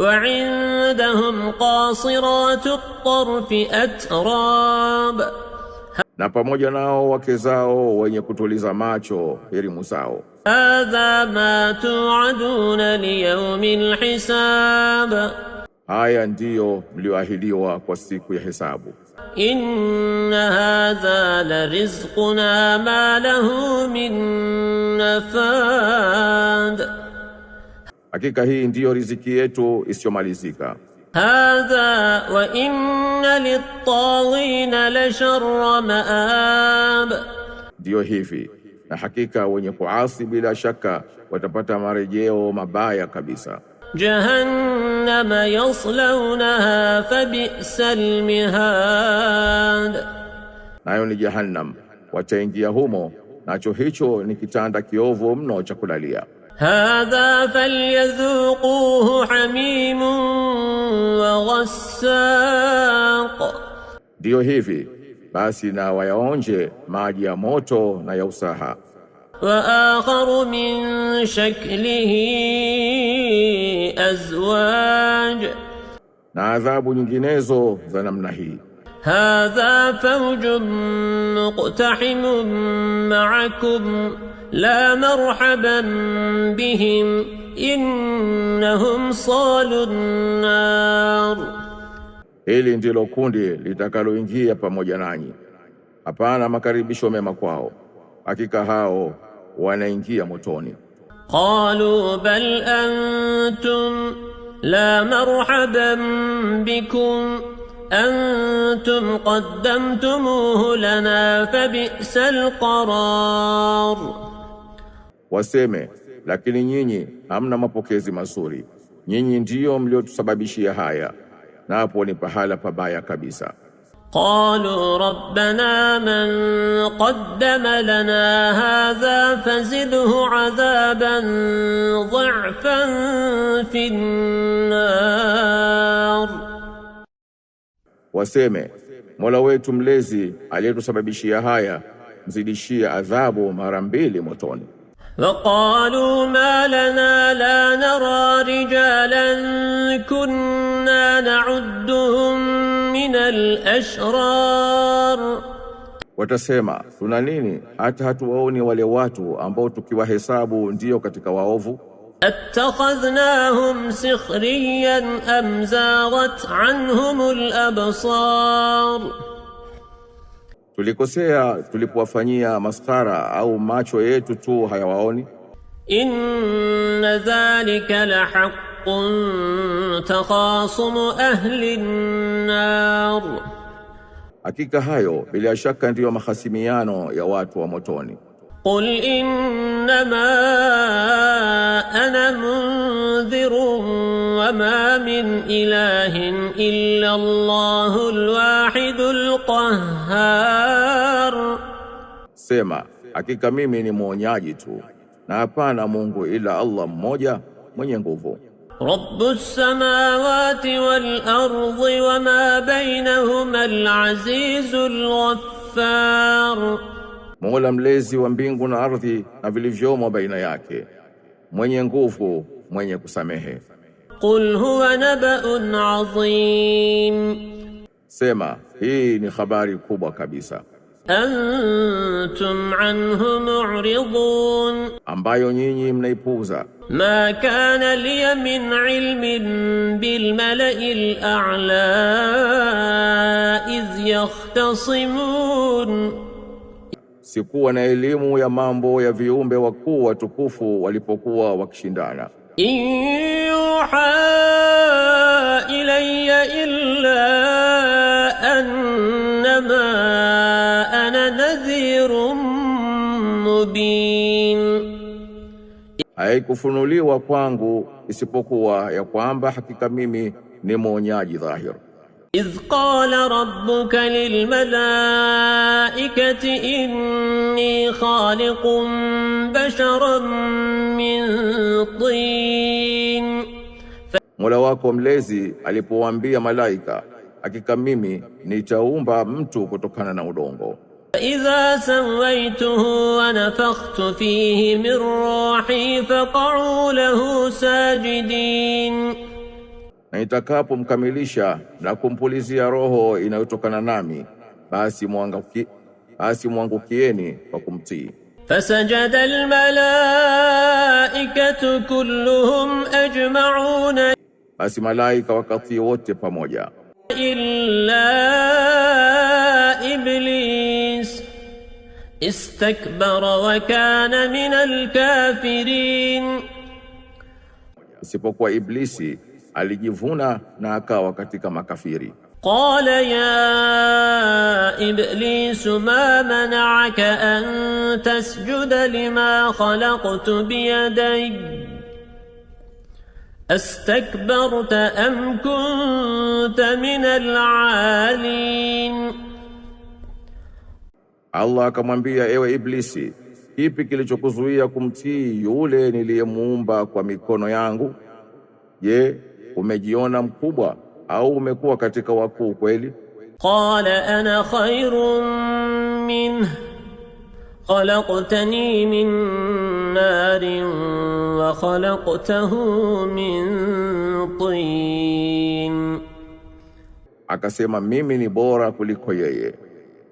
وعندهم قاصرات الطرف أتراب na pamoja nao wake zao wenye kutuliza macho elimu zao. Hadha ma tuaduna liyaumil hisab, haya ndiyo mliyoahidiwa kwa siku ya hesabu. Inna hadha la rizquna ma lahu min nafad Hakika hii ndiyo riziki yetu isiyomalizika. Hadha wa inna lit-taghina la sharra maab, ndiyo hivi na hakika wenye kuasi bila shaka watapata marejeo mabaya kabisa. Jahannama yaslawnaha fabisal mihad, nayo ni Jahannam wataingia humo, nacho hicho ni kitanda kiovu mno cha kulalia. هذا فليذوقوه حميم وغساق Ndiyo hivi basi, na wayaonje maji ya moto na ya usaha. Wa akharu min shaklihi azwaj, na adhabu nyinginezo za namna hii. Hadha fawjun muqtahimun ma'akum لا مرحبا بهم إنهم صالوا النار Hili ndilo kundi litakaloingia pamoja nanyi, hapana makaribisho mema kwao, hakika hao wanaingia motoni. Qalu bal antum la marhaban bikum أنتم قدمتموه لنا فبئس القرار waseme, lakini nyinyi hamna mapokezi mazuri, nyinyi ndiyo mliotusababishia haya, na hapo ni pahala pabaya kabisa. Qalu rabbana man qaddama lana hadha fazidhu adhaban dha'fan fin nar, waseme Mola wetu mlezi aliyetusababishia haya, mzidishie adhabu mara mbili motoni. وقالوا ما لنا لا نرى رجالا كنا نعدهم من الأشرار Watasema, tuna nini hata hatuwaoni wale watu ambao tukiwahesabu ndiyo katika waovu? Attakhadhnahum sikhriyan am zaghat anhum al-absar Tulikosea tulipowafanyia maskara au macho yetu tu hayawaoni? Inna dhalika la haqqun takhasumu ahli an-nar, hakika hayo bila shaka ndiyo mahasimiano ya watu wa motoni. Qul innama ana mundhirun وما من إله إلا الله الواحد القهار Sema, hakika mimi ni mwonyaji tu na hapana Mungu ila Allah mmoja mwenye nguvu. Rabbus samawati wal ardi wama bainahuma al-azizul ghaffar, Mola mlezi wa mbingu na ardhi na vilivyomo baina yake, mwenye nguvu, mwenye kusamehe. Qul huwa nabaun azim, sema hii ni habari kubwa kabisa. Antum anhu mu'ridun, ambayo nyinyi mnaipuuza. Ma kana liya min ilmin bil mala'i al a'la iz yahtasimun, sikuwa na elimu ya mambo ya viumbe wakuu watukufu walipokuwa wakishindana يوحى إلي إلا أنما أنا نذير mubin. Haikufunuliwa kwangu isipokuwa ya kwamba hakika mimi ni mwonyaji dhahiri. إذ قال ربك للملائكة إني خالق بشرا من طين ف... Mola wako mlezi alipowaambia malaika hakika mimi nitaumba mtu kutokana na udongo فإذا سويته ونفخت فيه من روحي فقعوا له ساجدين na itakapomkamilisha na kumpulizia roho inayotokana nami, basi mwangukie, basi mwangukieni kwa kumtii. Fasajada almalaikatu kulluhum ajma'un, basi malaika wakati wote pamoja. Illa iblis istakbara wa kana min alkafirin, isipokuwa Iblisi alijivuna na akawa katika makafiri. Qala ya iblis ma mana'aka an tasjuda lima khalaqtu biyadayya astakbarta am kunta min al-'alin, Allah akamwambia ewe Iblisi, kipi kilichokuzuia kumtii yule niliyemuumba kwa mikono yangu? Je, umejiona mkubwa au umekuwa katika wakuu kweli? Qala ana khairun min khalaqtani min narin wa khalaqtahu min tin, akasema mimi ni bora kuliko yeye,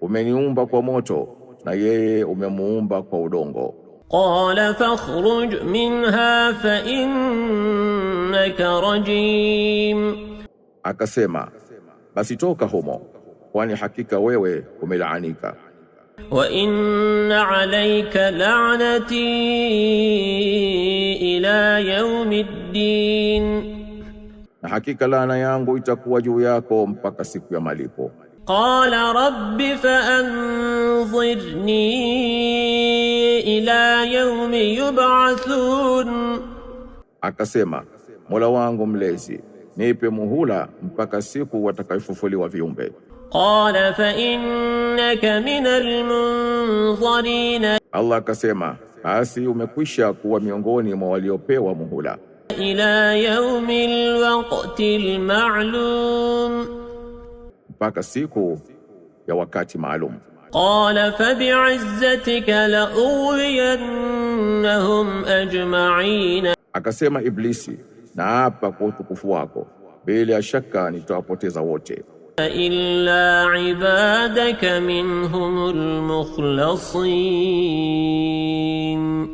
umeniumba kwa moto na yeye umemuumba kwa udongo. Qala fakhruj minha fa in innaka rajim, akasema basi toka humo, kwani hakika wewe umelaanika. Wa inna alayka la'nati ila yawmiddin, na hakika laana yangu itakuwa juu yako mpaka siku ya malipo. Qala rabbi faanzirni ila yawmi yub'athun, akasema Mola wangu mlezi, nipe muhula mpaka siku watakayofufuliwa viumbe. Qala fa innaka minal munzarin, Allah akasema basi umekwisha kuwa miongoni mwa waliopewa muhula. Ila yaumil waqtil ma'lum, mpaka siku ya wakati maalum. Qala fa bi'izzatika la uwiyannahum ajma'in, akasema Iblisi na hapa kwa utukufu wako, bila ya shaka nitawapoteza wote. illa ibadaka minhumul mukhlasin,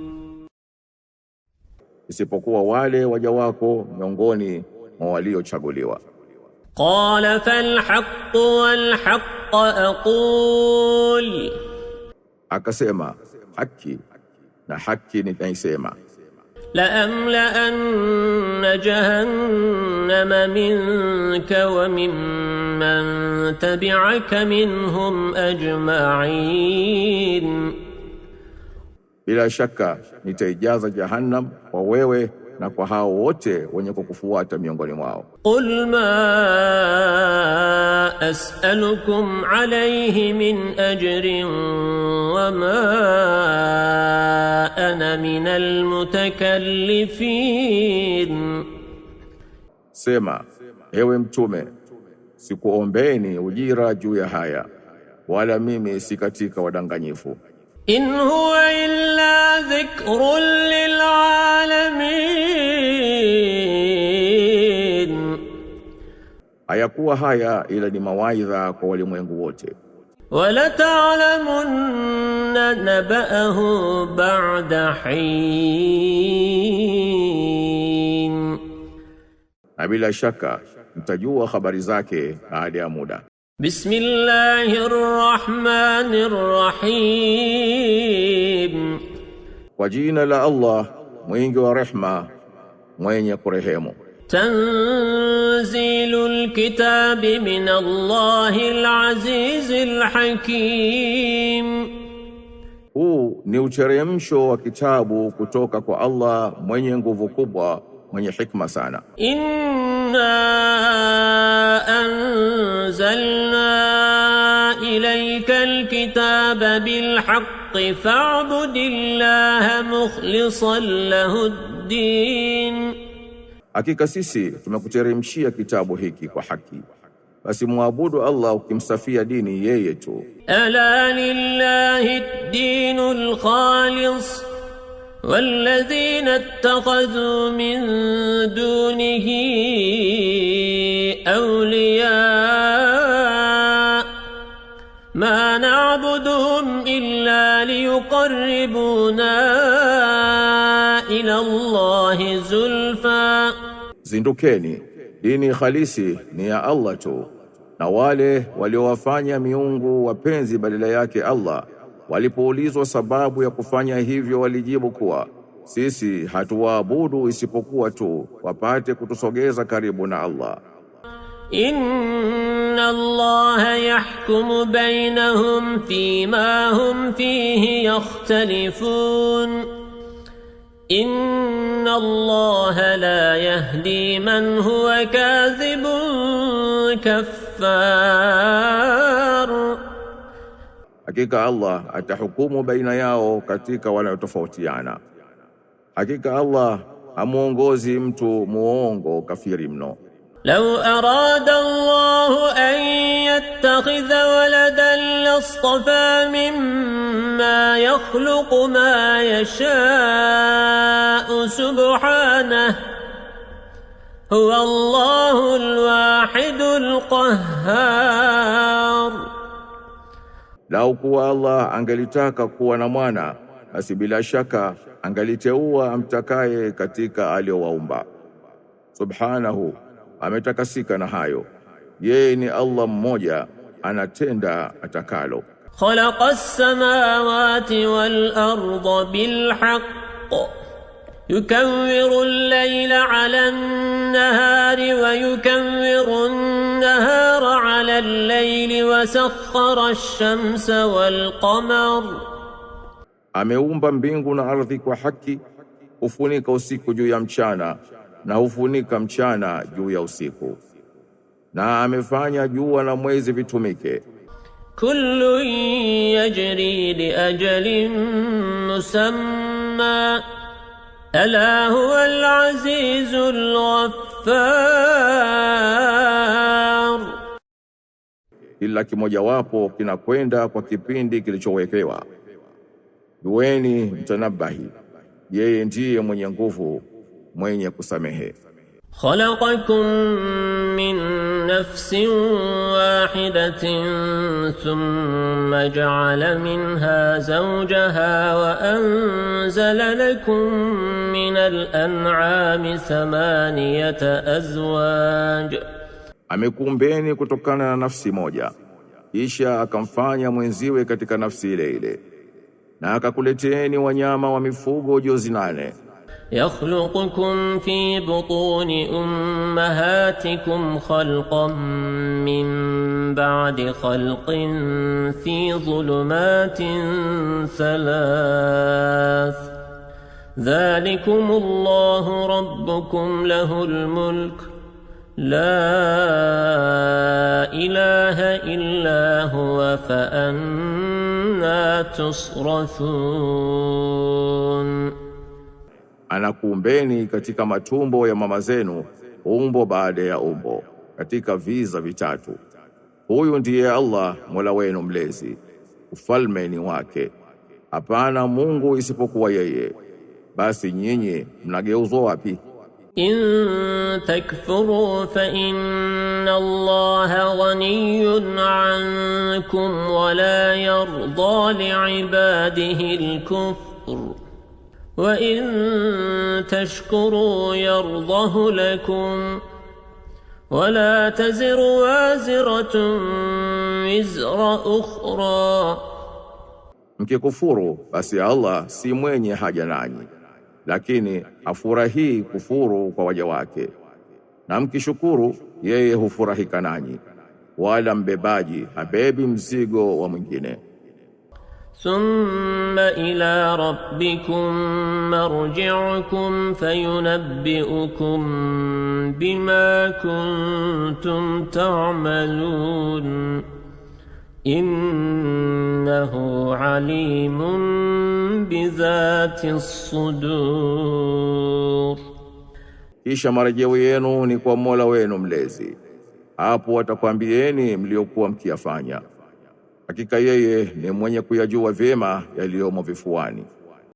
isipokuwa wale waja wako miongoni mwa waliochaguliwa. qala wal walhaq aqul, akasema haki na haki nitaisema لأملأن جهنم منك ومن من تبعك منهم أجمعين Bila shaka nitaijaza jahannam kwa wewe na kwa hao wote wenye kukufuata miongoni mwao. Qul ma as'alukum alayhi min ajrin wa ma sema ewe Mtume, sikuombeni ujira juu ya haya, wala mimi si katika wadanganyifu. In huwa illa dhikrun lil alamin, hayakuwa haya ila ni mawaidha kwa walimwengu wote. ولتعلمن نبأه بعد حين أبي أبلا شكا تجوى خبر زاكي عادي أمودا بسم الله الرحمن الرحيم وجينا لأ الله مينجو رحمة مين يقرهيمو تنزيل الكتاب من الله العزيز الحكيم Huu ni uteremsho wa kitabu kutoka kwa Allah mwenye nguvu kubwa, mwenye hikma sana. Inna anzalna ilayka alkitaba bilhaqqi fa'budillah mukhlishan lahud din Hakika sisi tumekuteremshia kitabu hiki kwa haki, basi muabudu Allah ukimsafia dini yeye tu. Ala lillahi dinul khalis walladhina ittakhadhu min dunihi awliya ma na'buduhum illa liyuqarribuna ila Allahi Zindukeni, dini halisi ni ya Allah tu, na wale waliowafanya miungu wapenzi badala yake Allah, walipoulizwa sababu ya kufanya hivyo, walijibu kuwa sisi hatuwaabudu isipokuwa tu wapate kutusogeza karibu na Allah. Inna Allah yahkumu bainahum fima hum fihi yakhtalifun إن الله لا يهدي من هو كاذب كفار Hakika Allah atahukumu baina yao katika wanayotofautiana. Hakika Allah hamuongozi mtu muongo kafiri mno. لو أراد الله أن يتخذ ولدا لاصطفى مما يخلق ما يشاء سبحانه هو الله الواحد القهار لو قوى الله أنجلتاك قوى نمانا basi bila shaka angaliteua amtakaye katika aliyowaumba. سبحانه ametakasika na hayo. Yeye ni Allah mmoja, anatenda atakalo. khalaqa as-samawati wal arda bil haqq yukawwiru al-layla 'ala an-nahari wa yukawwiru an-nahara 'ala al-layli wa sakhkhara ash-shamsa wal qamar, ameumba mbingu na ardhi kwa haki, hufunika usiku juu ya mchana na hufunika mchana juu ya usiku, na amefanya jua na mwezi vitumike. Kullu yajri li ajalin musamma ala huwa al-azizul ghaffar, kila kimojawapo kinakwenda kwa kipindi kilichowekewa. Duweni mtanabahi, yeye ndiye mwenye nguvu mwenye kusamehe. Khalaqakum min nafsin wahidatin thumma ja'ala minha zawjaha wa anzala lakum min al-an'ami thamaniyata azwaj, Amekumbeni kutokana na nafsi moja kisha akamfanya mwenziwe katika nafsi ile ile na akakuleteeni wanyama wa mifugo jozi nane يخلقكم في بطون أمهاتكم خلقا من بعد خلق في ظلمات ثلاث ذلكم الله ربكم له الملك لا إله إلا هو فأنا تصرثون anakuumbeni katika matumbo ya mama zenu umbo baada ya umbo katika viza vitatu. Huyu ndiye Allah Mola wenu mlezi, ufalme ni wake, hapana Mungu isipokuwa yeye. Basi nyinyi mnageuzwa wapi? In takfuru fa inna Allaha ghaniyyun ankum wa la yarda li ibadihi al-kufr وَإِن تَشْكُرُوا يَرْضَهُ لَكُمْ وَلَا تَزِرُ وَازِرَةٌ وِزْرَ أُخْرَى Mkikufuru basi Allah si mwenye haja nanyi, lakini afurahii kufuru kwa waja wake, na mkishukuru yeye hufurahika nanyi, wala mbebaji habebi mzigo wa mwingine. ثم إلى ربكم مرجعكم فينبئكم بما كنتم تعملون إنه عليم بذات الصدور Kisha marejeo yenu ni kwa Mola wenu mlezi. Hapo watakwambieni mliokuwa mkiyafanya. Hakika yeye ni mwenye kuyajua vyema yaliyomo vifuani.